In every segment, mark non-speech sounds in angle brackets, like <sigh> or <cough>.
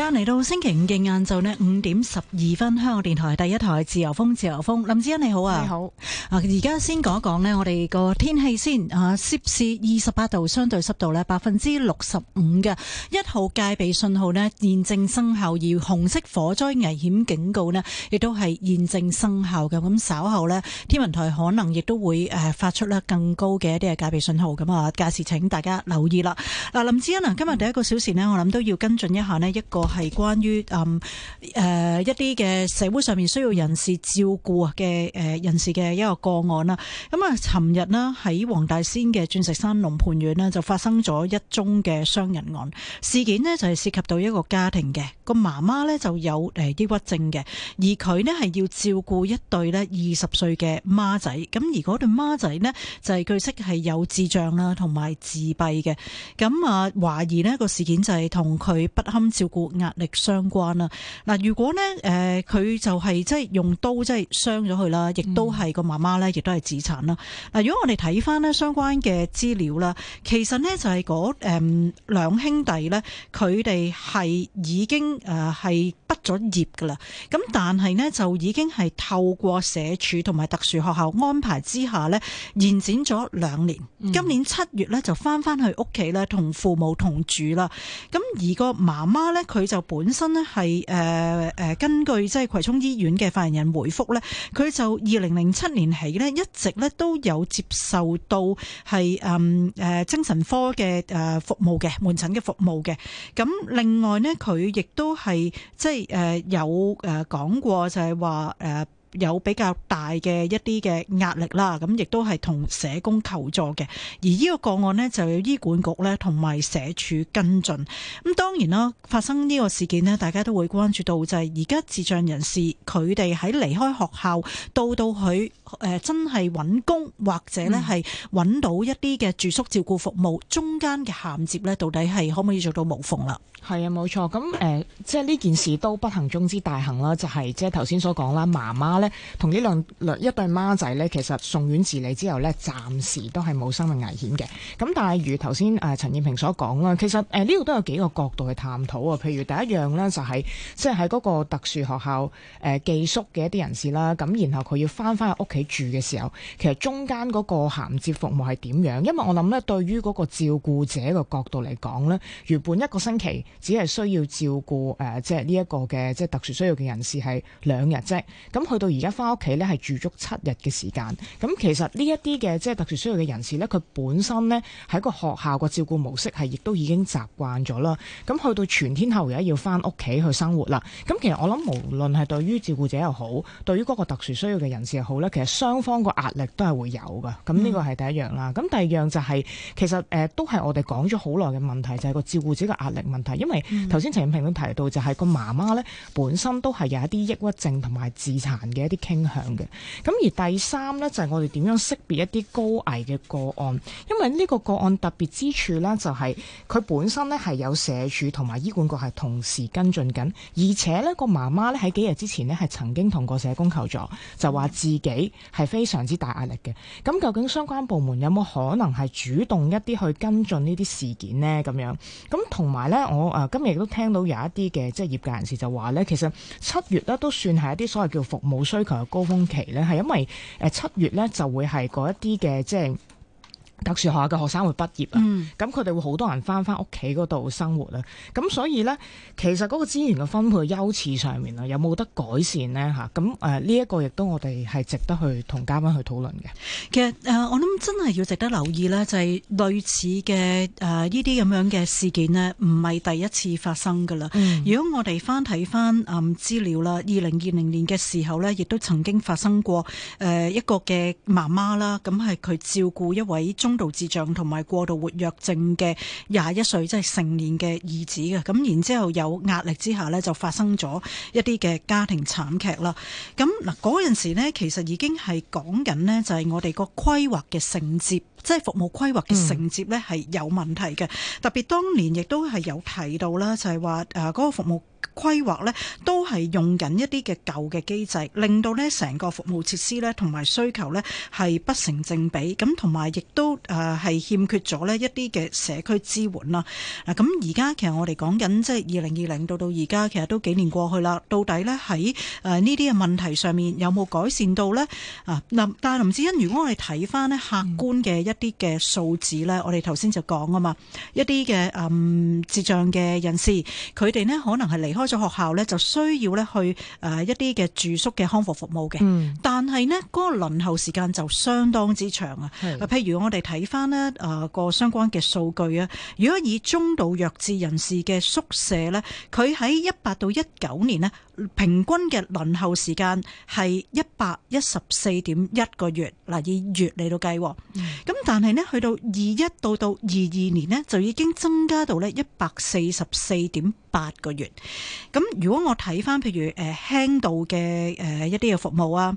大家嚟到星期五嘅晏晝呢，五點十二分，香港電台第一台自由風，自由風，林志欣你好啊！你好啊！而家先講一講呢我哋個天氣先啊，攝氏二十八度，相對濕度呢，百分之六十五嘅，一號戒備信號呢，現正生效，而紅色火災危險警告呢，亦都係現正生效嘅。咁稍後呢，天文台可能亦都會誒發出更高嘅一啲嘅戒備信號，咁啊，屆時請大家留意啦。嗱，林志欣啊，今日第一個小時呢，我諗都要跟進一下呢一個。係關於誒、嗯呃，一啲嘅社會上面需要人士照顧嘅誒人士嘅一個個案啦。咁、嗯、啊，尋日啦喺黃大仙嘅鑽石山龍蟠苑呢，就發生咗一宗嘅傷人案。事件呢，就係、是、涉及到一個家庭嘅個媽媽呢，呢，就有誒抑鬱症嘅，而佢呢，係要照顧一對呢二十歲嘅孖仔。咁而嗰對孖仔呢，就係據悉係有智障啦，同埋自閉嘅。咁啊，懷疑呢、這個事件就係同佢不堪照顧壓力相關啦，嗱，如果呢，誒、呃，佢就係即係用刀即係傷咗佢啦，亦都係個媽媽咧，亦都係自殘啦。嗱，如果我哋睇翻呢相關嘅資料啦，其實呢就係嗰誒兩兄弟呢，佢哋係已經誒係畢咗業噶啦，咁但係呢，就已經係透過社署同埋特殊學校安排之下呢，延展咗兩年、嗯，今年七月呢，就翻翻去屋企咧同父母同住啦，咁而個媽媽呢。佢。佢就本身咧係誒誒，根據即係葵涌醫院嘅發言人回覆咧，佢就二零零七年起咧一直咧都有接受到係誒誒精神科嘅誒服務嘅門診嘅服務嘅。咁另外呢，佢亦都係即係誒有誒講過就係話誒。有比較大嘅一啲嘅壓力啦，咁亦都係同社工求助嘅。而呢個個案咧，就有醫管局咧同埋社署跟進，咁當然啦，發生呢個事件咧，大家都會關注到就係而家智障人士佢哋喺離開學校到到佢誒，真係揾工或者咧係揾到一啲嘅住宿照顧服務中間嘅銜接咧，到底係可唔可以做到無縫啦？係啊，冇錯，咁誒、呃、即係呢件事都不幸中之大幸啦，就係、是、即係頭先所講啦，媽媽。同呢兩一對孖仔呢，其實送院治理之後呢，暫時都係冇生命危險嘅。咁但係如頭先誒陳燕平所講啦，其實呢度、呃、都有幾個角度去探討啊。譬如第一樣呢，就係即係喺嗰個特殊學校、呃、寄宿嘅一啲人士啦。咁然後佢要翻返去屋企住嘅時候，其實中間嗰個銜接服務係點樣？因為我諗呢，對於嗰個照顧者嘅角度嚟講呢，原本一個星期只係需要照顧誒，即係呢一個嘅即係特殊需要嘅人士係兩日啫。咁去到而家翻屋企咧，係住足七日嘅時間。咁其實呢一啲嘅即係特殊需要嘅人士咧，佢本身咧喺個學校個照顧模式係亦都已經習慣咗啦。咁去到全天候而家要翻屋企去生活啦。咁其實我諗無論係對於照顧者又好，對於嗰個特殊需要嘅人士又好咧，其實雙方個壓力都係會有噶。咁呢個係第一樣啦。咁、嗯、第二樣就係、是、其實誒、呃、都係我哋講咗好耐嘅問題，就係、是、個照顧者嘅壓力問題。因為頭先陳燕平都提到，就係、是、個媽媽咧，本身都係有一啲抑鬱症同埋自殘。一啲傾向嘅。咁而第三咧就係我哋點樣識別一啲高危嘅個案，因為呢個個案特別之處咧就係佢本身咧係有社署同埋醫管局係同時跟進緊，而且咧個媽媽咧喺幾日之前咧係曾經同個社工求助，就話自己係非常之大壓力嘅。咁究竟相關部門有冇可能係主動一啲去跟進呢啲事件咧？咁樣，咁同埋咧，我啊今日亦都聽到有一啲嘅即係業界人士就話咧，其實七月咧都算係一啲所謂叫服務。需求嘅高峰期咧，係因為誒七月咧就會係嗰一啲嘅，即係，就是特殊學校嘅學生會畢業啦，咁佢哋會好多人翻翻屋企嗰度生活啦，咁所以呢，其實嗰個資源嘅分配優次上面啊，有冇得改善呢？嚇、啊，咁誒呢一個亦都我哋係值得去同嘉賓去討論嘅。其實誒、呃，我諗真係要值得留意呢，就係、是、類似嘅誒呢啲咁樣嘅事件呢，唔係第一次發生噶啦、嗯。如果我哋翻睇翻誒資料啦，二零二零年嘅時候呢，亦都曾經發生過誒、呃、一個嘅媽媽啦，咁係佢照顧一位中中度智障同埋過度活躍症嘅廿一歲，即係成年嘅兒子嘅，咁然之後有壓力之下咧，就發生咗一啲嘅家庭慘劇啦。咁嗱，嗰陣時呢，其實已經係講緊呢，就係我哋個規劃嘅承接，即係服務規劃嘅承接咧，係有問題嘅。嗯。特別當年亦都係有提到啦，就係話誒嗰個服務。規劃呢都係用緊一啲嘅舊嘅機制，令到呢成個服務設施呢同埋需求呢係不成正比，咁同埋亦都誒係欠缺咗呢一啲嘅社區支援啦。嗱，咁而家其實我哋講緊即係二零二零到到而家，其實都幾年過去啦。到底呢喺誒呢啲嘅問題上面有冇改善到呢？啊，林但係林志恩，如果我哋睇翻呢客觀嘅一啲嘅數字呢、嗯，我哋頭先就講啊嘛，一啲嘅誒智障嘅人士，佢哋呢可能係離開。在學校咧，就需要咧去誒一啲嘅住宿嘅康復服務嘅，嗯，但係呢嗰個輪候時間就相當之長啊。係，譬如我哋睇返呢誒個相關嘅數據啊，如果以中度弱智人士嘅宿舍咧，佢喺一八到一九年咧。平均嘅輪候時間係一百一十四點一個月，嗱，以月嚟到計，咁但係呢，去到二一到到二二年呢，就已經增加到呢一百四十四點八個月。咁如果我睇返譬如誒輕度嘅誒一啲嘅服務啊。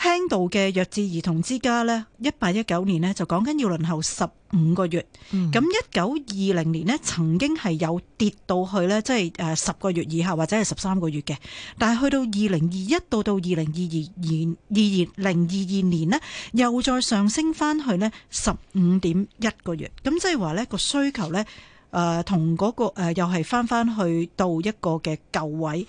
輕度嘅弱智兒童之家呢，一八一九年呢就講緊要輪候十五個月，咁一九二零年呢曾經係有跌到去呢，即係誒十個月以下或者係十三個月嘅，但係去到二零二一到到二零二二二二零二二年呢，年又再上升翻去呢十五點一個月，咁即係話呢個需求呢。誒、呃、同嗰、那個、呃、又係翻翻去到一個嘅舊位，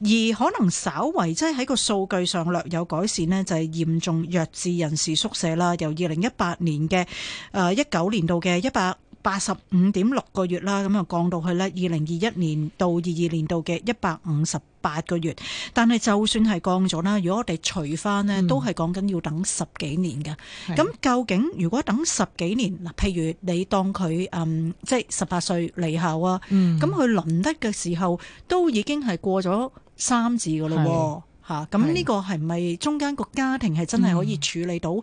而可能稍為即係喺個數據上略有改善呢就係、是、嚴重弱智人士宿舍啦，由二零一八年嘅誒一九年度嘅一百八十五點六個月啦，咁啊降到去咧二零二一年到二二年度嘅一百五十八個月，但係就算係降咗啦，如果我哋除翻呢，都係講緊要等十幾年㗎。咁、嗯、究竟如果等十幾年嗱，譬如你當佢嗯即係十八歲離校啊，咁、嗯、佢輪得嘅時候，都已經係過咗三字㗎喇喎。嚇！咁呢個係咪中間個家庭係真係可以處理到佢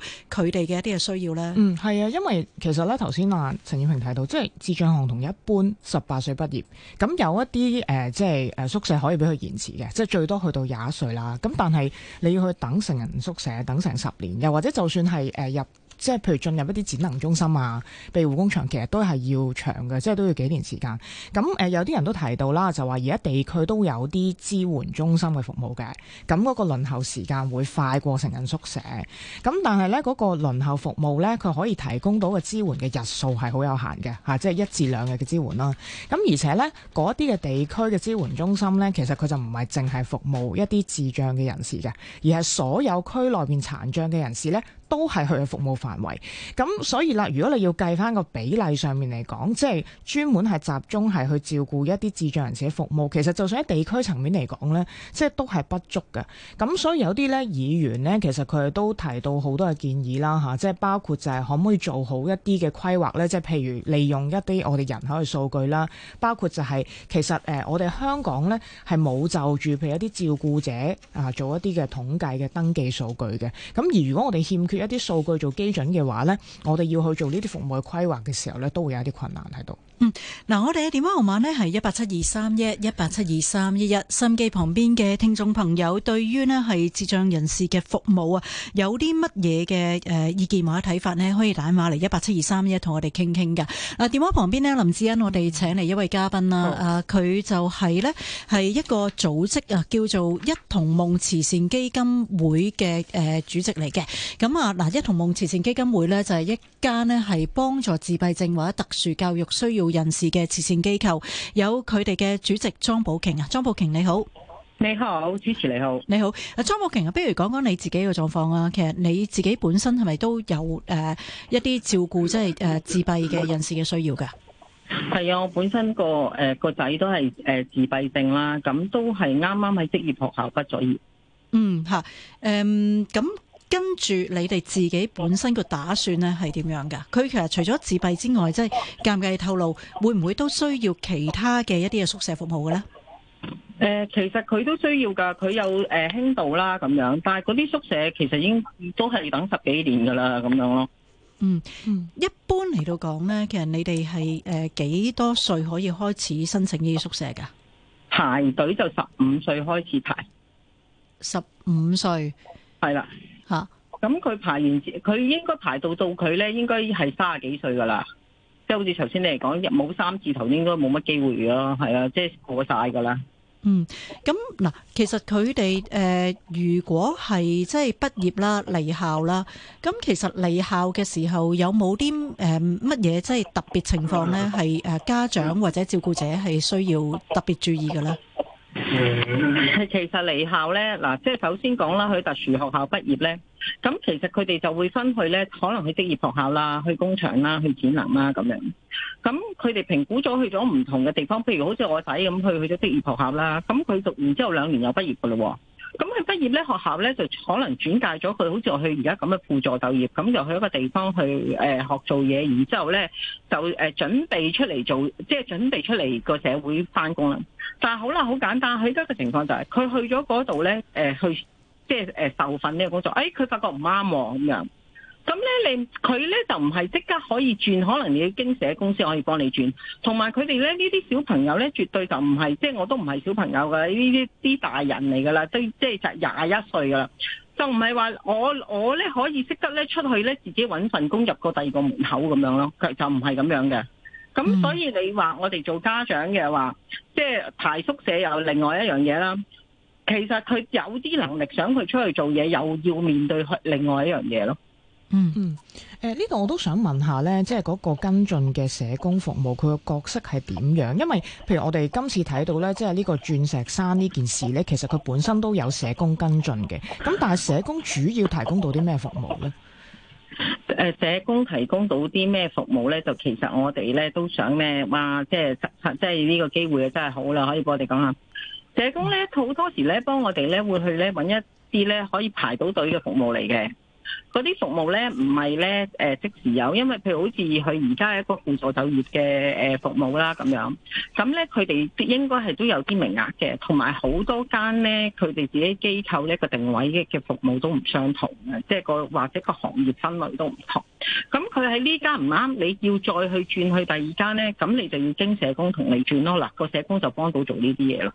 哋嘅一啲嘅需要咧？嗯，係啊，因為其實咧頭先啊陳燕平提到，即係智障兒童一般十八歲畢業，咁有一啲、呃、即係誒宿舍可以俾佢延遲嘅，即係最多去到廿一歲啦。咁但係你要去等成人宿舍等成十年，又或者就算係、呃、入。即係譬如進入一啲展能中心啊、庇護工場，其實都係要長嘅，即係都要幾年時間。咁、呃、有啲人都提到啦，就話而家地區都有啲支援中心嘅服務嘅，咁嗰個輪候時間會快過成人宿舍。咁但係咧，嗰個輪候服務咧，佢可以提供到嘅支援嘅日數係好有限嘅、啊，即係一至兩日嘅支援啦。咁而且咧，嗰啲嘅地區嘅支援中心咧，其實佢就唔係淨係服務一啲智障嘅人士嘅，而係所有區內面殘障嘅人士咧，都係佢嘅服務範圍，咁所以啦，如果你要計翻個比例上面嚟講，即係專門係集中係去照顧一啲智障人士嘅服務，其實就算喺地區層面嚟講咧，即係都係不足嘅。咁所以有啲咧議員咧，其實佢都提到好多嘅建議啦吓，即係包括就係可唔可以做好一啲嘅規劃咧，即係譬如利用一啲我哋人口嘅數據啦，包括就係其實誒我哋香港咧係冇就住譬如一啲照顧者啊做一啲嘅統計嘅登記數據嘅，咁而如果我哋欠缺一啲數據做基準嘅話呢，我哋要去做呢啲服務嘅規劃嘅時候呢，都會有啲困難喺度。嗯，嗱，我哋嘅電話號碼咧係一八七二三一一八七二三一一，心機旁邊嘅聽眾朋友，對於咧係智障人士嘅服務啊，有啲乜嘢嘅誒意見或者睇法咧，可以打電話嚟一八七二三一同我哋傾傾噶。嗱，電話旁邊咧，林志恩，我哋請嚟一位嘉賓啦、哦。啊，佢就係咧係一個組織啊，叫做一同夢慈善基金會嘅誒主席嚟嘅。咁啊，嗱，一同夢慈善基金會咧就係一間咧係幫助自閉症或者特殊教育需要。人士嘅慈善機構有佢哋嘅主席莊寶瓊啊，莊寶瓊你好。你好，主持你好，你好，阿莊寶瓊啊，不如講講你自己嘅狀況啊，其實你自己本身係咪都有誒、呃、一啲照顧即係誒自閉嘅人士嘅需要噶？係啊，我本身個誒個仔都係誒自閉症啦，咁都係啱啱喺職業學校畢咗業。嗯吓，誒、嗯、咁。嗯跟住你哋自己本身個打算咧係點樣噶？佢其實除咗自閉之外，即係介唔介意透露，會唔會都需要其他嘅一啲嘅宿舍服務嘅咧？誒、呃，其實佢都需要噶，佢有誒、呃、輕度啦咁樣，但係嗰啲宿舍其實已經都係等十幾年噶啦咁樣咯。嗯嗯，一般嚟到講咧，其實你哋係誒幾多歲可以開始申請呢啲宿舍噶？排隊就十五歲開始排，十五歲係啦。對。吓、啊，咁佢排完佢應該排到到佢咧，應該係三十幾歲噶啦，即係好似頭先你嚟講，冇三字頭應該冇乜機會咯，係啊，即係過晒噶啦。嗯，咁嗱，其實佢哋誒，如果係即係畢業啦，離校啦，咁其實離校嘅時候有冇啲誒乜嘢即係特別情況咧？係誒家長或者照顧者係需要特別注意噶啦？係、嗯、 <noise> 其實離校咧，嗱，即係首先講啦，去特殊學校畢業咧，咁其實佢哋就會分去咧，可能去職業學校啦，去工場啦，去展能啦咁樣。咁佢哋評估咗去咗唔同嘅地方，譬如好似我仔咁，去去咗職業學校啦，咁佢讀完之後兩年又畢業噶嘞。咁佢畢業咧，學校咧就可能轉介咗佢，好似去佢而家咁嘅輔助就業，咁就去一個地方去、呃、學做嘢，然之後咧就準備出嚟做，即係準備出嚟個社會返工啦。但係好啦，好簡單，佢而家嘅情況就係、係、佢去咗嗰度咧，去即係、呃、受訓呢個工作，哎，佢發覺唔啱喎，咁樣。咁咧，你佢咧就唔係即刻可以轉，可能你經社公司可以幫你轉。同埋佢哋咧，呢啲小朋友咧，絕對就唔係，即係我都唔係小朋友噶，呢啲啲大人嚟噶啦，都即係就廿一歲噶啦，就唔係話我我咧可以識得咧出去咧自己揾份工入個第二個門口咁樣咯，佢就唔係咁樣嘅。咁所以你話我哋做家長嘅話，即係排宿舍又另外一樣嘢啦。其實佢有啲能力想佢出去做嘢，又要面對另外一樣嘢咯。嗯嗯，誒，呢個我都想問下呢，即係嗰個跟進嘅社工服務，佢個角色係點樣？因為譬如我哋今次睇到呢，即係呢個鑽石山呢件事呢，其實佢本身都有社工跟進嘅。咁但係社工主要提供到啲咩服務呢？誒、呃，社工提供到啲咩服務呢？就其實我哋呢都想呢，哇，即係即係呢個機會真係好啦，可以幫我哋講下。社工呢好多時呢，幫我哋呢會去呢搵一啲呢可以排到隊嘅服務嚟嘅。嗰啲服務咧唔係咧誒即時有，因為譬如好似佢而家一個輔助就業嘅誒服務啦咁樣，咁咧佢哋應該係都有啲名額嘅，同埋好多間咧佢哋自己機構咧個定位嘅服務都唔相同嘅，即係個或者個行業分類都唔同。咁佢喺呢間唔啱，你要再去轉去第二間咧，咁你就要經社工同你轉咯。嗱、那，個社工就幫到做呢啲嘢啦。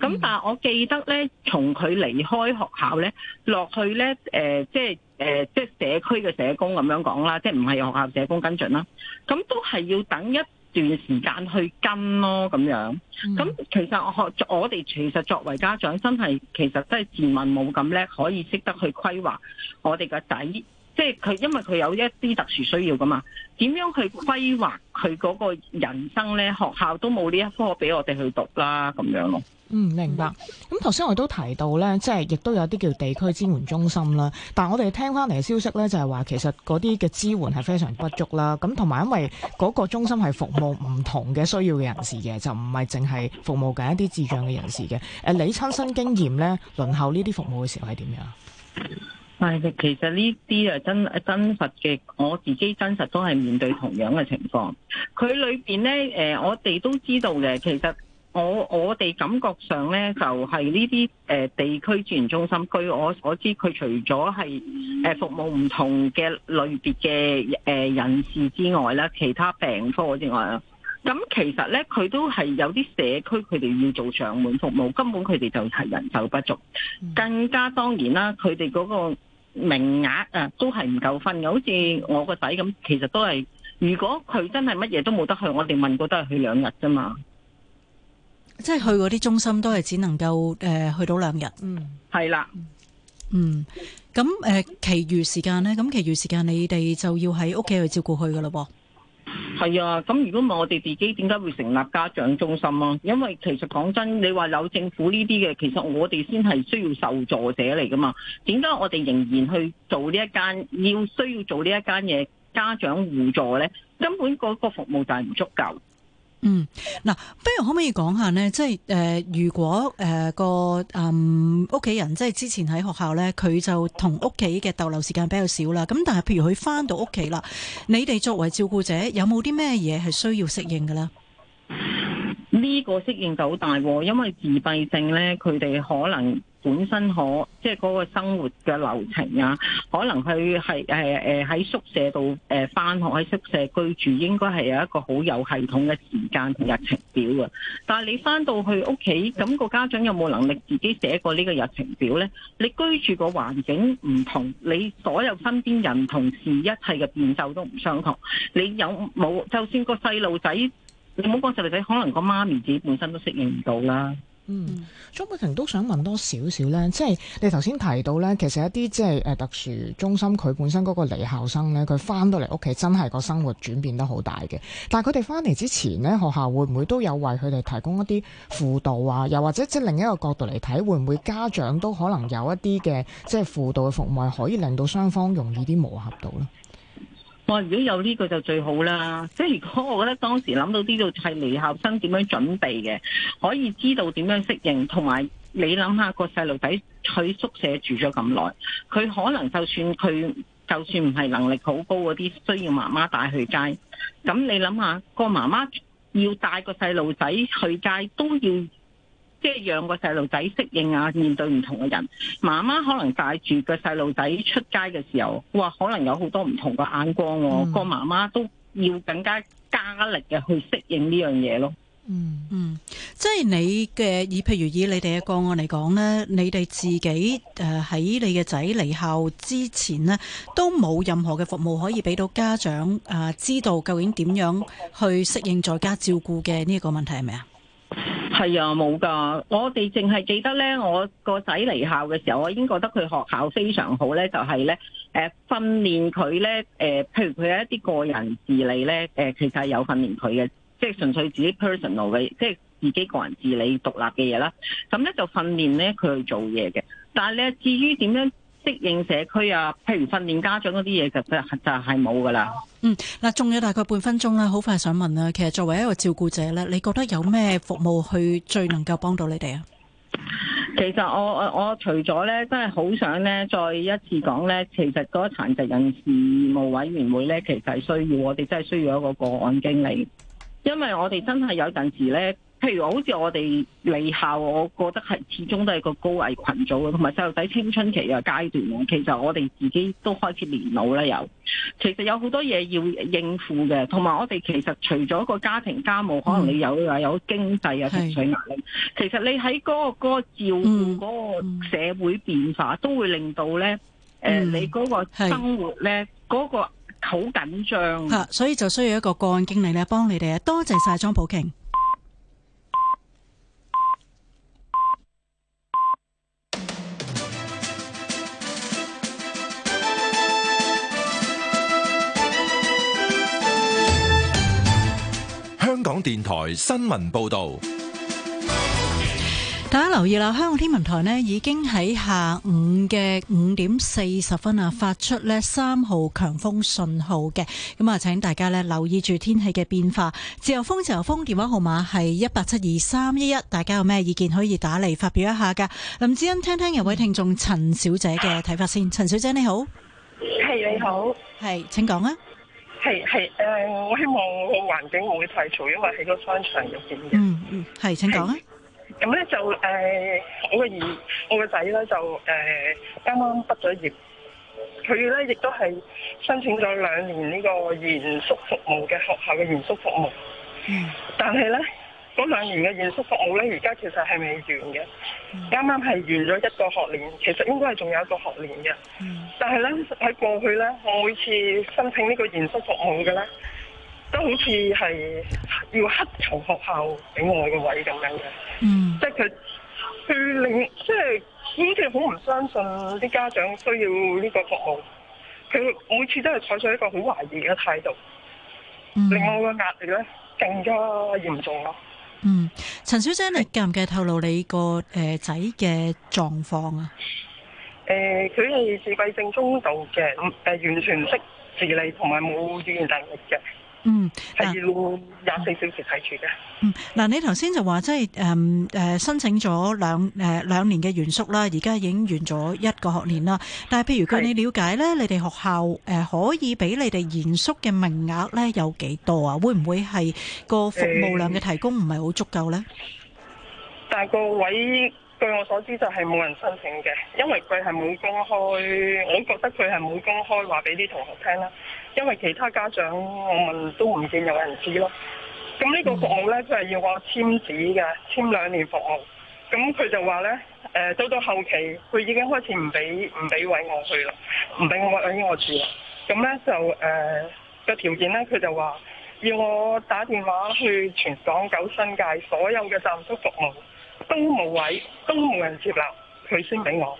咁但係我記得咧，從佢離開學校咧落去咧誒、呃，即係。誒、呃，即係社區嘅社工咁樣講啦，即係唔係學校社工跟進啦，咁都係要等一段時間去跟咯，咁樣。咁其實我我哋其實作為家長，真係其實真係自問冇咁叻，可以識得去規劃我哋個仔，即係佢，因為佢有一啲特殊需要噶嘛，點樣去規劃佢嗰個人生咧？學校都冇呢一科俾我哋去讀啦，咁樣咯。嗯，明白。咁頭先我都提到呢，即係亦都有啲叫地區支援中心啦。但係我哋聽翻嚟嘅消息呢、就係，就係話其實嗰啲嘅支援係非常不足啦。咁同埋因為嗰個中心係服務唔同嘅需要嘅人士嘅，就唔係淨係服務緊一啲智障嘅人士嘅。你親身經驗呢，輪候呢啲服務嘅時候係點樣？係，其實呢啲誒真真實嘅，我自己真實都係面對同樣嘅情況。佢裏面呢，呃、我哋都知道嘅，其實。我我哋感覺上咧，就係呢啲誒地區資源中心，據我所知，佢除咗係誒服務唔同嘅類別嘅誒人士之外啦，其他病科之外啦，咁其實咧佢都係有啲社區佢哋要做上門服務，根本佢哋就係人手不足，更加當然啦，佢哋嗰個名額啊都係唔夠分嘅。好似我個仔咁，其實都係，如果佢真係乜嘢都冇得去，我哋問過都係去兩日啫嘛。即係去嗰啲中心都係只能夠誒、呃、去到兩日。嗯，係啦。嗯，咁誒，其餘時間咧，咁其餘時間你哋就要喺屋企去照顧佢噶喇喎。係啊，咁如果唔係我哋自己點解會成立家長中心啊？因為其實講真，你話有政府呢啲嘅，其實我哋先係需要受助者嚟噶嘛。點解我哋仍然去做呢一間要需要做呢一間嘢家長互助咧？根本嗰個服務就係唔足夠。嗯，嗱，不如可唔可以講下呢？即係誒、呃，如果誒、呃、個誒屋企人即係之前喺學校呢，佢就同屋企嘅逗留時間比較少啦。咁但係譬如佢返到屋企啦，你哋作為照顧者有冇啲咩嘢係需要適應嘅呢？呢個適應就好大喎，因為自閉症呢，佢哋可能本身可即係嗰個生活嘅流程啊，可能佢係喺宿舍度誒返學喺宿舍居住，應該係有一個好有系統嘅時間同日程表啊。但係你翻到去屋企，咁個家長有冇能力自己寫過呢個日程表呢？你居住個環境唔同，你所有身邊人同事一切嘅變奏都唔相同。你有冇就算個細路仔？你冇講細路仔，可能個媽咪自己本身都適應唔到啦。嗯，張佩婷都想問多少少咧，即係你頭先提到咧，其實一啲即係誒特殊中心，佢本身嗰個離校生咧，佢翻到嚟屋企，真係個生活轉變得好大嘅。但係佢哋翻嚟之前咧，學校會唔會都有為佢哋提供一啲輔導啊？又或者即係另一個角度嚟睇，會唔會家長都可能有一啲嘅即係輔導嘅服務，可以令到雙方容易啲磨合到咧？我如果有呢個就最好啦，即係如果我覺得當時諗到呢度係離校生點樣準備嘅，可以知道點樣適應，同埋你諗下個細路仔喺宿舍住咗咁耐，佢可能就算佢就算唔係能力好高嗰啲，需要媽媽帶去街，咁你諗下個媽媽要帶個細路仔去街都要。即係讓個細路仔適應啊，面對唔同嘅人。媽媽可能帶住個細路仔出街嘅時候，哇，可能有好多唔同嘅眼光喎。個媽媽都要更加加力嘅去適應呢樣嘢咯。嗯嗯，即係你嘅以譬如以你哋嘅個案嚟講咧，你哋自己誒喺你嘅仔離校之前呢，都冇任何嘅服務可以俾到家長誒知道究竟點樣去適應在家照顧嘅呢個問題係咪啊？是係啊，冇噶，我哋淨係記得咧，我個仔離校嘅時候，我已經覺得佢學校非常好咧，就係咧，誒訓練佢咧，誒，譬如佢有一啲個人自理咧，誒，其實係有訓練佢嘅，即係純粹自己 personal 嘅，即係自己個人自理獨立嘅嘢啦。咁咧就訓練咧佢去做嘢嘅，但係咧至於點樣？適應社區啊，譬如訓練家長嗰啲嘢就就就係冇噶啦。嗯，嗱，仲有大概半分鐘啦，好快想問啦。其實作為一個照顧者咧，你覺得有咩服務去最能夠幫到你哋啊？其實我我我除咗咧，真係好想咧，再一次講咧，其實嗰個殘疾人士事務委員會咧，其實係需要我哋真係需要一個個案經理，因為我哋真係有陣時咧。譬如好似我哋離校，我覺得係始終都係個高危群組同埋細路仔青春期嘅階段，其實我哋自己都開始年老啦，有其實有好多嘢要應付嘅，同埋我哋其實除咗個家庭家務，可能你有啊有經濟啊情緒壓力，其實你喺嗰、嗰個嗰、嗰個照顧嗰個社會變化，嗯、都會令到咧誒、嗯呃、你嗰個生活咧嗰、嗰個好緊張吓，所以就需要一個個案經理咧，幫你哋啊，多謝晒莊寶瓊。香港電台新聞報道，大家留意啦！香港天文台呢已經喺下午嘅五點四十分啊，發出呢三號強風信號嘅，咁啊請大家呢留意住天氣嘅變化。自由風，自由風，電話號碼係一八七二三一一，大家有咩意見可以打嚟發表一下噶。林志恩，聽聽有位聽眾陳小姐嘅睇法先。陳小姐你好，係你好，係，請講啊。係係誒，我希望個環境唔會太嘈，因為喺個商場入邊嘅。嗯嗯，係，請講啊。咁咧就誒、呃，我嘅兒，我嘅仔咧就誒，啱啱畢咗業，佢咧亦都係申請咗兩年呢個延縮服務嘅學校嘅延縮服務。嗯，但係咧。嗰兩年嘅延續服務咧，而家其實係未完嘅。啱啱係完咗一個學年，其實應該係仲有一個學年嘅、嗯。但係咧喺過去咧，我每次申請呢個延續服務嘅咧，都好似係要黑從學校俾我個位咁樣嘅。即係佢，佢、就是、令即係好似好唔相信啲家長需要呢個服務。佢每次都係採取一個好懷疑嘅態度、嗯，令我個壓力咧更加嚴重咯。嗯，陳小姐，你介唔介透露你個仔嘅狀況啊？誒、呃，佢係自閉症中度嘅，完全唔識自理，同埋冇語言能力嘅。嗯，係要廿四小時睇住嘅。嗯，嗱，你頭先就話即係誒誒申請咗兩誒兩年嘅延宿啦，而家已經完咗一個學年啦。但係譬如據你了解咧，你哋學校誒可以俾你哋延宿嘅名額咧有幾多啊？會唔會係個服務量嘅提供唔係好足夠咧？但係個位。據我所知，就係、是、冇人申請嘅，因為佢係冇公開，我覺得佢係冇公開話俾啲同學聽啦。因為其他家長我問都唔見有人知咯。咁呢個服務咧，佢係要我簽紙嘅，簽兩年服務。咁佢就話咧，誒，到到後期，佢已經開始唔俾唔俾位我去啦，唔俾我喺我，我住啦。咁咧就誒個條件呢，佢就話要我打電話去全港九新界所有嘅暫宿服務。都冇位，都冇人接納，佢先俾我。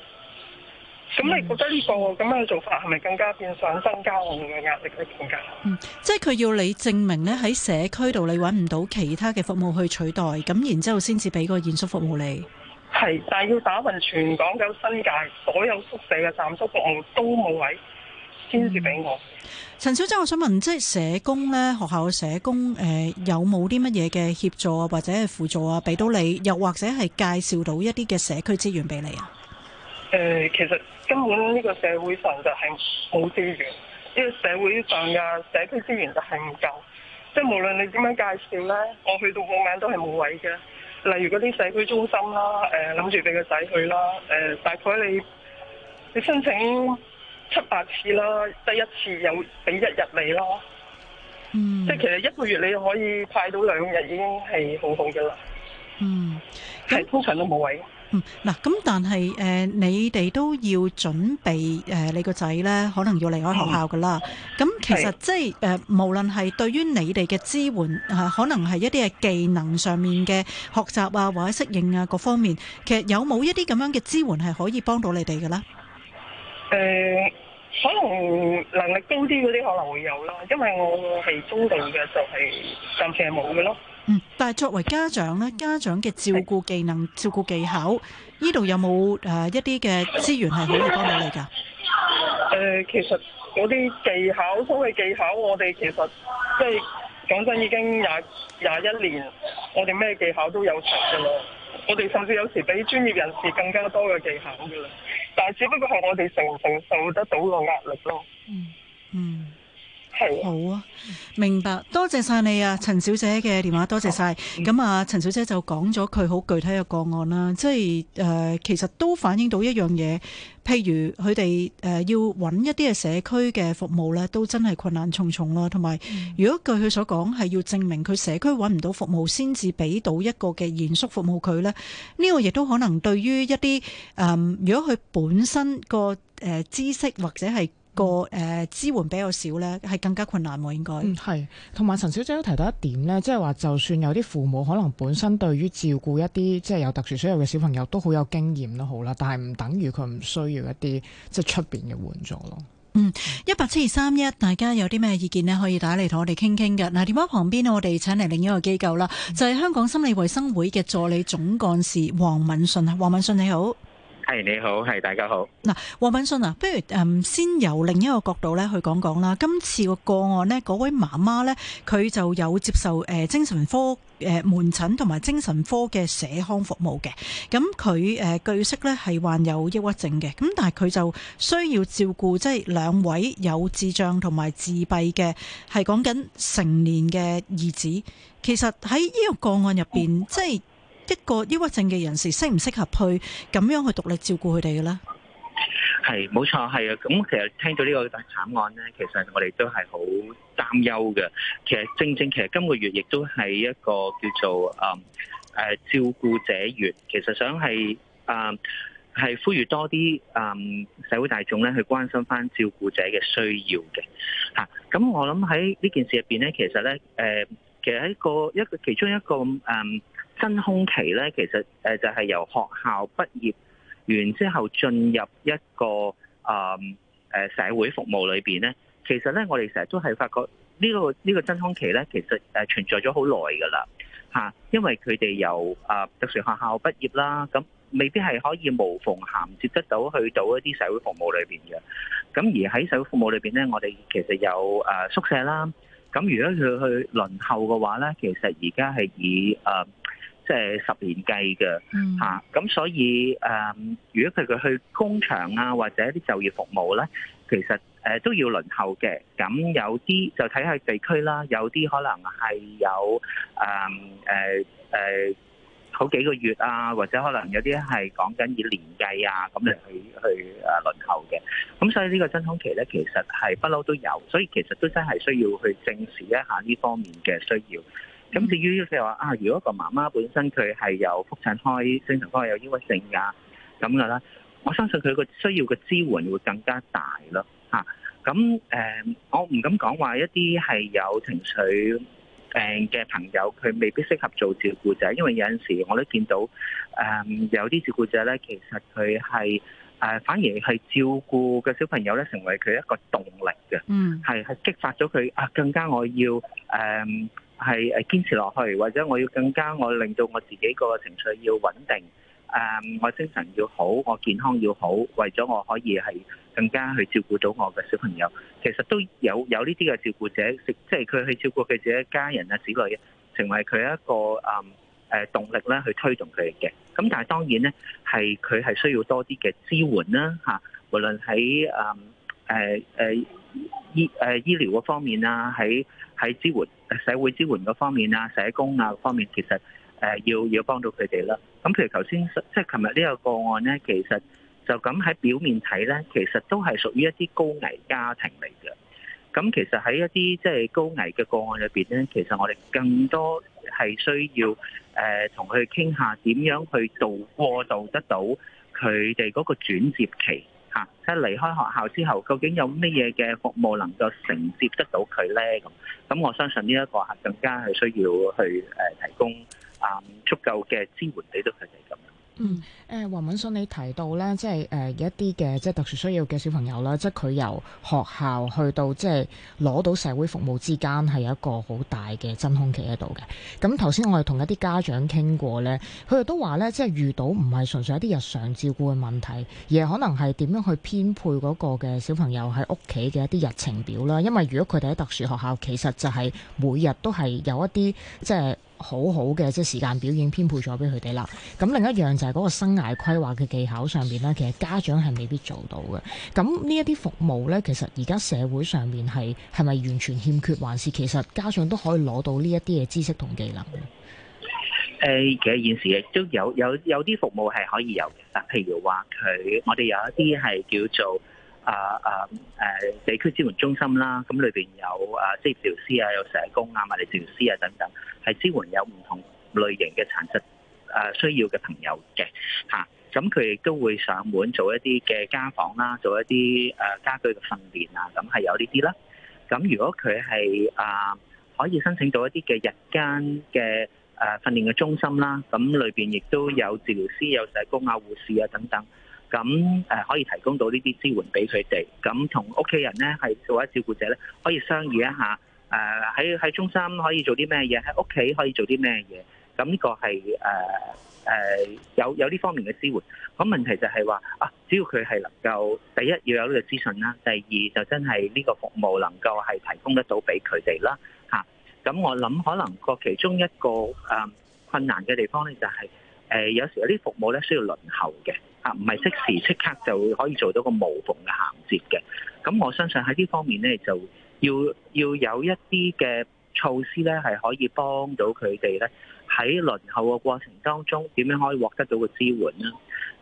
咁你覺得呢、這個咁、嗯、樣嘅做法係咪更加變相？增加我嘅壓力嘅評價？即係佢要你證明呢，喺社區度你揾唔到其他嘅服務去取代，咁然之後先至俾個現宿服務你。係，但係要打勻全港有新界所有宿舍嘅暫宿服務都冇位，先至畀我。嗯陳小姐，我想問，即係社工呢？學校嘅社工誒、呃，有冇啲乜嘢嘅協助啊，或者係輔助啊，俾到你？又或者係介紹到一啲嘅社區資源俾你啊？誒、呃，其實根本呢個社會上就係冇資源，因為社會上嘅社區資源就係唔夠。即係無論你點樣介紹呢，我去到我眼都係冇位嘅。例如嗰啲社區中心啦，誒諗住俾個仔去啦，誒、呃、大概你你申請。七八次啦，得一次有俾一日你咯。嗯，即係其實一個月你可以快到兩日已經係好好嘅啦。嗯，係通常都冇位。嗯，嗱，咁但係誒，你哋都要準備誒、呃，你個仔咧可能要離開學校噶啦。咁、嗯、其實即係誒、呃，無論係對於你哋嘅支援、啊、可能係一啲嘅技能上面嘅學習啊，或者適應啊各方面，其實有冇一啲咁樣嘅支援係可以幫到你哋嘅咧？誒、呃，可能能力高啲嗰啲可能會有啦，因為我係中度嘅，就係、是、暫時係冇嘅咯。嗯，但係作為家長咧，家長嘅照顧技能、照顧技巧，呢度有冇誒，一啲嘅資源係可以幫到你㗎？誒、呃，其實嗰啲技巧，所謂技巧，我哋其實即係。就是講真，已經廿廿一年，我哋咩技巧都有齊噶啦。我哋甚至有時比專業人士更加多嘅技巧噶啦。但係只不過係我哋承唔承受得到個壓力咯。嗯嗯。好啊，明白，多謝晒你啊，陳小姐嘅電話，多謝晒。咁啊，陳小姐就講咗佢好具體嘅個案啦，即係誒，其實都反映到一樣嘢，譬如佢哋誒要揾一啲嘅社區嘅服務咧，都真係困難重重啦。同埋，如果據佢所講係要證明佢社區揾唔到服務，先至俾到一個嘅延縮服務佢咧，呢、這個亦都可能對於一啲誒、呃，如果佢本身個誒、呃、知識或者係。個、嗯、誒支援比較少呢，係更加困難喎。應該係，同埋陳小姐都提到一點呢，即係話就算有啲父母可能本身對於照顧一啲即係有特殊需要嘅小朋友都好有經驗都好啦，但係唔等於佢唔需要一啲即係出邊嘅援助咯。嗯，一八七二三一，大家有啲咩意見呢？可以打嚟同我哋傾傾㗎。嗱，電話旁邊呢，我哋請嚟另一個機構啦，就係、是、香港心理衛生會嘅助理總幹事黃敏信啊，黃敏信你好。係、hey，你好。係、hey，大家好。嗱，黃敏信啊，不如誒，先由另一個角度咧去講講啦。今次個個案呢，嗰位媽媽呢，佢就有接受誒精神科誒、呃、門診同埋精神科嘅社康服務嘅。咁佢誒據悉咧係患有抑鬱症嘅。咁但係佢就需要照顧，即係兩位有智障同埋自閉嘅，係講緊成年嘅兒子。其實喺呢個個案入邊，即係。一個抑鬱症嘅人士適唔適合去咁樣去獨立照顧佢哋嘅咧？係冇錯，係啊。咁其實聽到呢個大慘案咧，其實我哋都係好擔憂嘅。其實正正其實今個月亦都係一個叫做誒誒、嗯呃、照顧者月，其實想係誒係呼籲多啲誒、嗯、社會大眾咧去關心翻照顧者嘅需要嘅。吓、啊，咁我諗喺呢件事入邊咧，其實咧誒、呃，其實一個一個其中一個誒。嗯真空期咧，其實誒就係由學校畢業完之後進入一個啊誒、嗯、社會服務裏邊咧，其實咧我哋成日都係發覺呢、呢個呢、呢個真空期咧，其實誒存在咗好耐㗎啦嚇，因為佢哋由啊特殊學校畢業啦，咁未必係可以無縫銜接得到去到一啲社會服務裏邊嘅。咁而喺社會服務裏邊咧，我哋其實有誒、啊、宿舍啦。咁如果佢去輪候嘅話咧，其實而家係以誒。啊即係十年計嘅嚇，咁所以誒，如果佢佢去工場啊，或者啲就業服務咧，其實誒都要輪候嘅。咁有啲就睇下地區啦，有啲可能係有誒誒誒好幾個月啊，或者可能有啲係講緊以年計啊，咁嚟去去誒輪候嘅。咁所以呢個真空期咧，其實係不嬲都有，所以其實都真係需要去正視一下呢方面嘅需要。咁至於即係話啊，如果個媽媽本身佢係有複診開精神科有憂鬱症噶，咁嘅啦，我相信佢個需要嘅支援會更加大咯吓。咁、啊嗯、我唔敢講話一啲係有情緒嘅朋友，佢未必適合做照顧者，因為有陣時我都見到、嗯、有啲照顧者咧，其實佢係、啊、反而係照顧嘅小朋友咧，成為佢一個動力嘅，嗯，係係激發咗佢啊，更加我要、嗯係誒堅持落去，或者我要更加我令到我自己個情緒要穩定，誒我精神要好，我健康要好，為咗我可以係更加去照顧到我嘅小朋友，其實都有有呢啲嘅照顧者，即係佢去照顧佢自己的家人啊、子女，成為佢一個誒誒、嗯、動力咧去推動佢嘅。咁但係當然咧，係佢係需要多啲嘅支援啦嚇，無論喺誒、呃、誒醫誒、呃、醫療嗰方面啊，喺喺支援社會支援嗰方面啊，社工啊方面，其實誒、呃、要要幫到佢哋啦。咁譬如頭先即係琴日呢個個案咧，其實就咁喺表面睇咧，其實都係屬於一啲高危家庭嚟嘅。咁其實喺一啲即係高危嘅個案裏邊咧，其實我哋更多係需要誒同佢傾下點樣去度過渡得到佢哋嗰個轉接期。即係離開學校之後，究竟有咩嘢嘅服務能夠承接得到佢咧？咁咁，我相信呢一個係更加係需要去誒提供啊足夠嘅支援俾到佢哋咁。嗯，誒、呃、黃敏信你提到咧，即係誒、呃、一啲嘅即係特殊需要嘅小朋友啦，即係佢由學校去到即係攞到社會服務之間係有一個好大嘅真空期喺度嘅。咁頭先我哋同一啲家長傾過咧，佢哋都話咧，即係遇到唔係純粹一啲日常照顧嘅問題，而係可能係點樣去編配嗰個嘅小朋友喺屋企嘅一啲日程表啦。因為如果佢哋喺特殊學校，其實就係每日都係有一啲即係。好好嘅即係時間表演編配咗俾佢哋啦。咁另一樣就係嗰個生涯規劃嘅技巧上面咧，其實家長係未必做到嘅。咁呢一啲服務咧，其實而家社會上面係係咪完全欠缺，還是其實家長都可以攞到呢一啲嘅知識同技能？誒、呃，其實現時亦都有有有啲服務係可以有嘅，但譬如話佢，我哋有一啲係叫做。啊啊誒，地區支援中心啦，咁裏邊有啊職業治療師啊，有社工啊，物理治療師啊等等，係支援有唔同類型嘅殘疾誒需要嘅朋友嘅嚇。咁佢亦都會上門做一啲嘅家訪啦，做一啲誒家居嘅訓練啊。咁係有呢啲啦。咁如果佢係啊可以申請到一啲嘅日間嘅誒訓練嘅中心啦，咁裏邊亦都有治療師、有社工啊、護士啊等等。咁誒可以提供到呢啲支援俾佢哋，咁同屋企人咧係或者照顧者咧可以商議一下，誒喺喺中心可以做啲咩嘢，喺屋企可以做啲咩嘢，咁呢個係誒誒有有呢方面嘅支援。咁問題就係話啊，只要佢係能夠第一要有呢個資訊啦，第二就真係呢個服務能夠係提供得到俾佢哋啦嚇。咁我諗可能個其中一個誒困難嘅地方咧就係誒有時有啲服務咧需要輪候嘅。唔係即時即刻就可以做到個無縫嘅銜接嘅。咁我相信喺呢方面呢，就要要有一啲嘅措施呢，係可以幫到佢哋呢。喺輪候嘅過程當中，點樣可以獲得到個支援啦。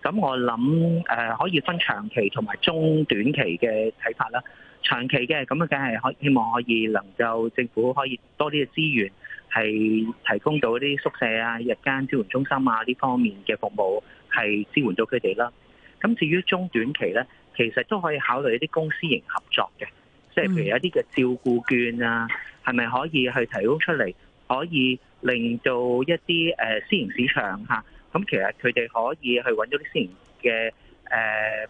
咁我諗誒、呃，可以分長期同埋中短期嘅睇法啦。長期嘅咁啊，梗係可以希望可以能夠政府可以多啲嘅資源係提供到啲宿舍啊、日間支援中心啊呢方面嘅服務。係支援到佢哋啦。咁至於中短期咧，其實都可以考慮一啲公私營合作嘅，即係譬如一啲嘅照顧券啊，係咪可以去提供出嚟，可以令到一啲誒私營市場嚇，咁其實佢哋可以去揾到啲私營嘅誒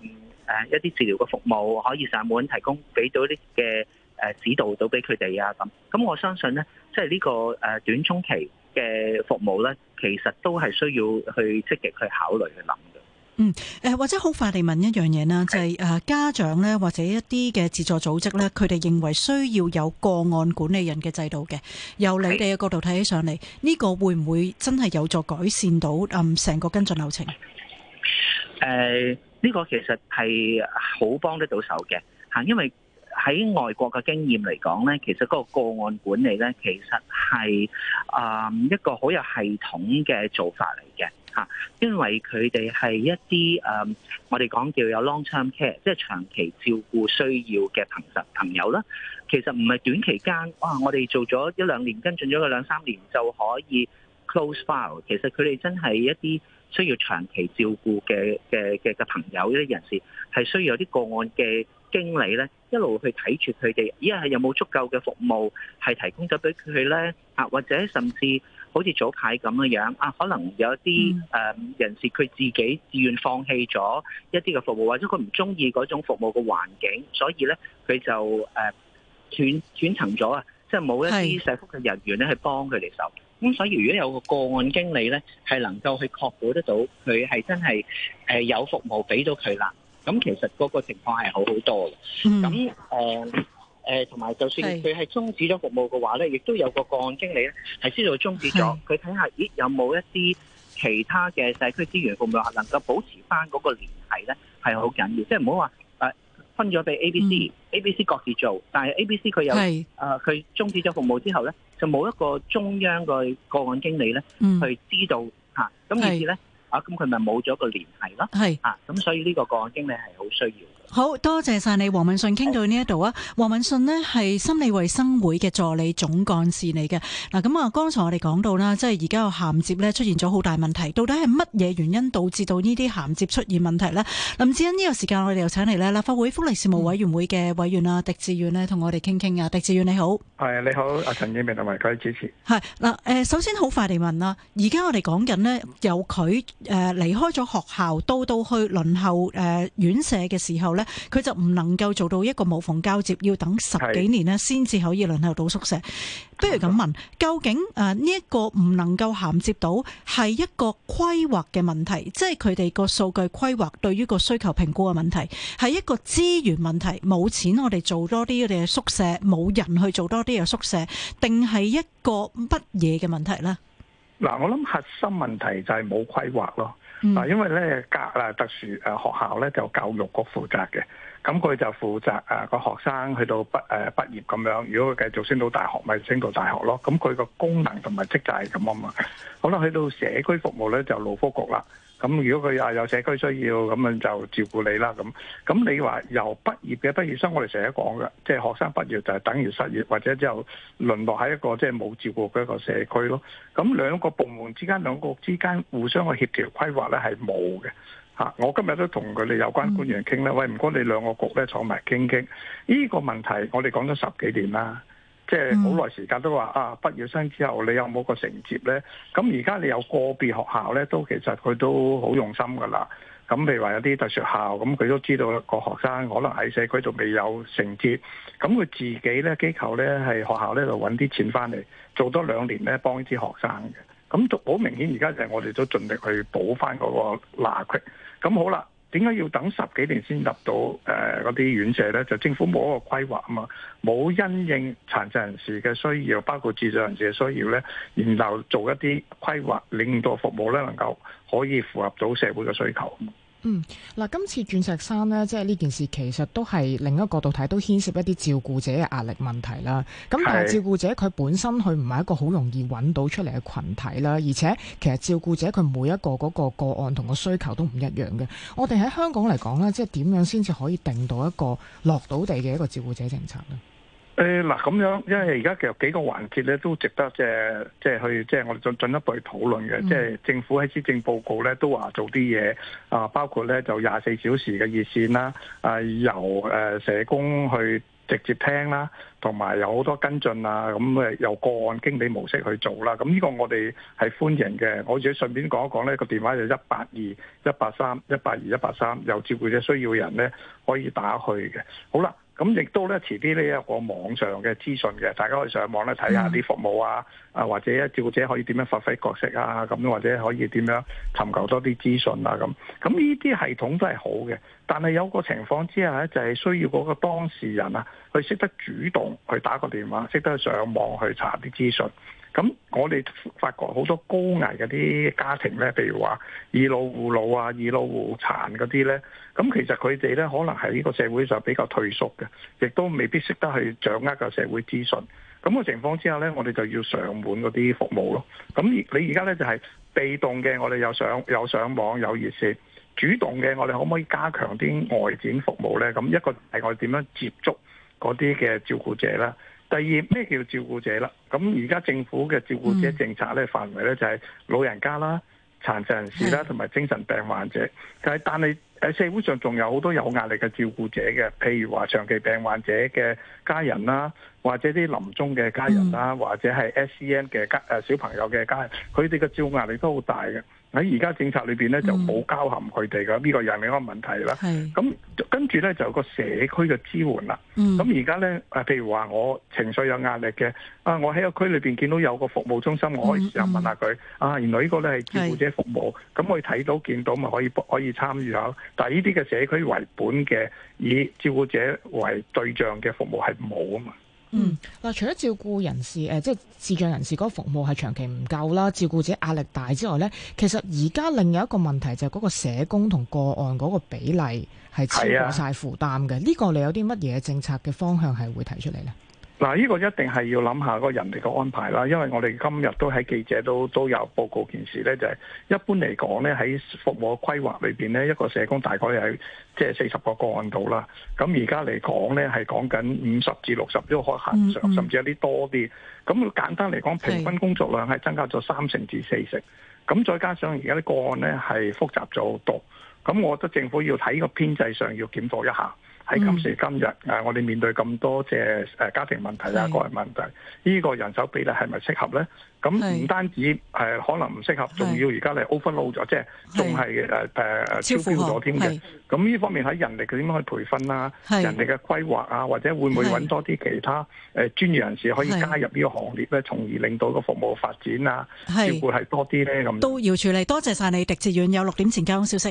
誒一啲治療嘅服務，可以上門提供，俾到啲嘅誒指導到俾佢哋啊咁。咁我相信咧，即係呢個誒短中期。嘅服務咧，其實都係需要去積極去考慮去諗嘅。嗯，誒或者好快地問一樣嘢啦，就係誒家長咧，或者一啲嘅自助組織咧，佢哋認為需要有個案管理人嘅制度嘅。由你哋嘅角度睇起上嚟，呢個會唔會真係有助改善到誒成個跟進流程？誒，呢個其實係好幫得到手嘅嚇，因為。喺外國嘅經驗嚟講呢，其實嗰個個案管理呢，其實係啊、嗯、一個好有系統嘅做法嚟嘅，因為佢哋係一啲、嗯、我哋講叫有 long-term care，即係長期照顧需要嘅朋實朋友啦。其實唔係短期間哇、啊，我哋做咗一兩年跟進咗個兩三年就可以 close file，其實佢哋真係一啲需要長期照顧嘅嘅嘅嘅朋友呢啲人士，係需要有啲個案嘅。經理咧，一路去睇住佢哋，依家有冇足夠嘅服務係提供咗俾佢咧？啊，或者甚至好似早排咁嘅樣啊，可能有啲誒人士佢自己自願放棄咗一啲嘅服務，或者佢唔中意嗰種服務嘅環境，所以咧佢就誒斷斷層咗啊，即係冇一啲社福嘅人員咧去幫佢哋手。咁所以，如果有個個案經理咧，係能夠去確保得到佢係真係誒有服務俾到佢啦。咁其實嗰個情況係好好多嘅。咁誒誒，同埋就算佢係終止咗服務嘅話咧，亦都有個個案經理咧，係知道終止咗。佢睇下，咦，有冇一啲其他嘅社區資源服務啊，能夠保持翻嗰個聯繫咧，係好緊要。即係唔好話啊，分咗俾 A、B、C，A、B、C 各自做，但係 A、B、C 佢有啊，佢終止咗服務之後咧，就冇一個中央嘅個案經理咧去知道嚇。咁於是咧。咁佢咪冇咗個聯繫咯，係啊，咁、啊、所以呢個個案經理係好需要。好多謝晒你，黃敏信，傾到呢一度啊，黃敏信呢係心理衛生會嘅助理總幹事嚟嘅。嗱咁啊，剛才我哋講到啦，即係而家個銜接咧出現咗好大問題，到底係乜嘢原因導致到呢啲銜接出現問題呢？林志恩呢個時間我哋又請嚟咧立法會福利事務委員會嘅委員啊，狄、嗯、志遠呢，同我哋傾傾啊，狄志遠你好，係你好，阿陳英明同埋各位主持。係嗱，誒，首先好快地問啦，而家我哋講緊呢，由佢誒離開咗學校到到去輪候誒院舍嘅時候。咧，佢就唔能夠做到一個無縫交接，要等十幾年咧，先至可以輪候到宿舍。不如咁問，究竟誒呢一個唔能夠銜接到，係一個規劃嘅問題，即係佢哋個數據規劃對於個需求評估嘅問題，係一個資源問題，冇錢我哋做多啲嘅宿舍，冇人去做多啲嘅宿舍，定係一個乜嘢嘅問題呢？嗱，我諗核心問題就係冇規劃咯。嗱、嗯，因為咧，隔啊特殊誒學校咧就教育局負責嘅，咁佢就負責誒個、啊、學生去到畢誒畢業咁樣，如果佢繼續升到大學，咪升到大學咯，咁佢個功能同埋職責係咁啊嘛。好啦，去到社區服務咧就勞福局啦。咁如果佢有社區需要，咁樣就照顧你啦。咁咁你話由畢業嘅畢業生，我哋成日講嘅，即係學生畢業就係等於失業，或者之後淪落喺一個即係冇照顧嘅一個社區咯。咁兩個部門之間、兩個局之間互相嘅協調規劃咧係冇嘅。嚇！我今日都同佢哋有關官員傾啦。喂，唔該，你兩個局咧坐埋傾傾呢個問題，我哋講咗十幾年啦。即係好耐時間都話啊，畢業生之後你有冇個承接咧？咁而家你有個別學校咧，都其實佢都好用心噶啦。咁譬如話有啲特殊校，咁佢都知道個學生可能喺社區度未有承接，咁佢自己咧機構咧係學校咧度揾啲錢翻嚟做多兩年咧，幫啲學生嘅。咁好明顯，而家就係我哋都盡力去補翻嗰個罅隙。咁好啦。點解要等十幾年先入到誒嗰啲院舍呢？就政府冇一個規劃啊嘛，冇因應殘疾人士嘅需要，包括智障人士嘅需要呢，然後做一啲規劃，令到服務呢，能夠可以符合到社會嘅需求。嗯，嗱，今次鑽石山呢，即係呢件事其實都係另一個角度睇，都牽涉一啲照顧者嘅壓力問題啦。咁但係照顧者佢本身佢唔係一個好容易揾到出嚟嘅群體啦，而且其實照顧者佢每一個嗰個個案同個需求都唔一樣嘅。我哋喺香港嚟講啦，即係點樣先至可以定到一個落到地嘅一個照顧者政策呢？誒，嗱咁樣，因為而家其實幾個環節咧都值得即係即係去即係我哋進進一步去討論嘅。嗯，即係政府喺施政報告咧都話做啲嘢啊，包括咧就廿四小時嘅熱線啦，由誒社工去直接聽啦，同埋有好多跟進啊，咁誒由個案經理模式去做啦，咁、這、呢個我哋係歡迎嘅。我自己順便講一講呢個電話就一八二一八三一八二一八三，有照顧者需要人咧可以打去嘅。好啦。咁亦都咧，遲啲呢一個網上嘅資訊嘅，大家可以上網咧睇下啲服務啊，啊或者照顧者可以點樣發揮角色啊，咁或者可以點樣尋求多啲資訊啊，咁咁呢啲系統都係好嘅，但係有個情況之下咧，就係需要嗰個當事人啊，去識得主動去打個電話，識得上網去查啲資訊。咁我哋發覺好多高危嗰啲家庭咧，譬如話以老護老啊、以老護殘嗰啲咧，咁其實佢哋咧可能喺呢個社會上比較退縮嘅，亦都未必識得去掌握個社會資訊。咁嘅情況之下咧，我哋就要上門嗰啲服務咯。咁你而家咧就係被動嘅，我哋有上有上網有熱線，主動嘅我哋可唔可以加強啲外展服務咧？咁一個係我哋點樣接觸嗰啲嘅照顧者咧？第二，咩叫照顧者啦？咁而家政府嘅照顧者政策咧，範圍咧就係老人家啦、殘疾人士啦、同埋精神病患者，但係但係喺社會上仲有好多有壓力嘅照顧者嘅，譬如話長期病患者嘅家人啦，或者啲臨終嘅家人啦，或者係 SEN 嘅家誒小朋友嘅家人，佢哋嘅照顧壓力都好大嘅。喺而家政策裏邊咧就冇交含佢哋㗎，呢、嗯呢個又係另一個問題啦。咁跟住咧就有個社區嘅支援啦。咁而家咧，誒譬如話我情緒有壓力嘅，啊我喺個區裏邊見到有個服務中心，我可以試,試問下問下佢。啊原來呢個咧係照顧者服務，咁我睇到見到咪可以,睇到睇到可,以可以參與下。但係呢啲嘅社區為本嘅，以照顧者為對象嘅服務係冇啊嘛。嗯，嗱，除咗照顧人士，誒、呃、即係智障人士個服務係長期唔夠啦，照顧者壓力大之外咧，其實而家另一個問題就係個社工同個案嗰個比例係超過晒負擔嘅，呢、啊呢個你有啲乜嘢政策嘅方向係會提出嚟咧？嗱，呢個一定係要諗下個人哋嘅安排啦，因為我哋今日都喺記者都都有報告件事咧，就係、是、一般嚟講咧，喺服務嘅規劃裏邊咧，一個社工大概係即係四十個個案度啦。咁而家嚟講咧，係講緊五十至六十都可行上，嗯嗯，甚至有啲多啲。咁簡單嚟講，平均工作量係增加咗三成至四成。咁再加上而家啲個案咧係複雜咗好多。咁我覺得政府要喺個編制上要檢討一下。喺今時今日，嗯啊、我哋面對咁多嘅家庭問題啊、個人問題，呢、呢個人手比例係咪適合咧？咁唔單止、呃、可能唔適合，仲要而家你 overload 咗，即係仲係誒誒超標咗添嘅。咁呢、嗯、方面喺人力點樣去培訓啊？人力嘅規劃啊，或者會唔會揾多啲其他專業人士可以加入呢個行列咧？從而令到個服務發展啊，照顧係多啲咧咁。都要處理。多謝晒你。狄志遠有六點前交通消息。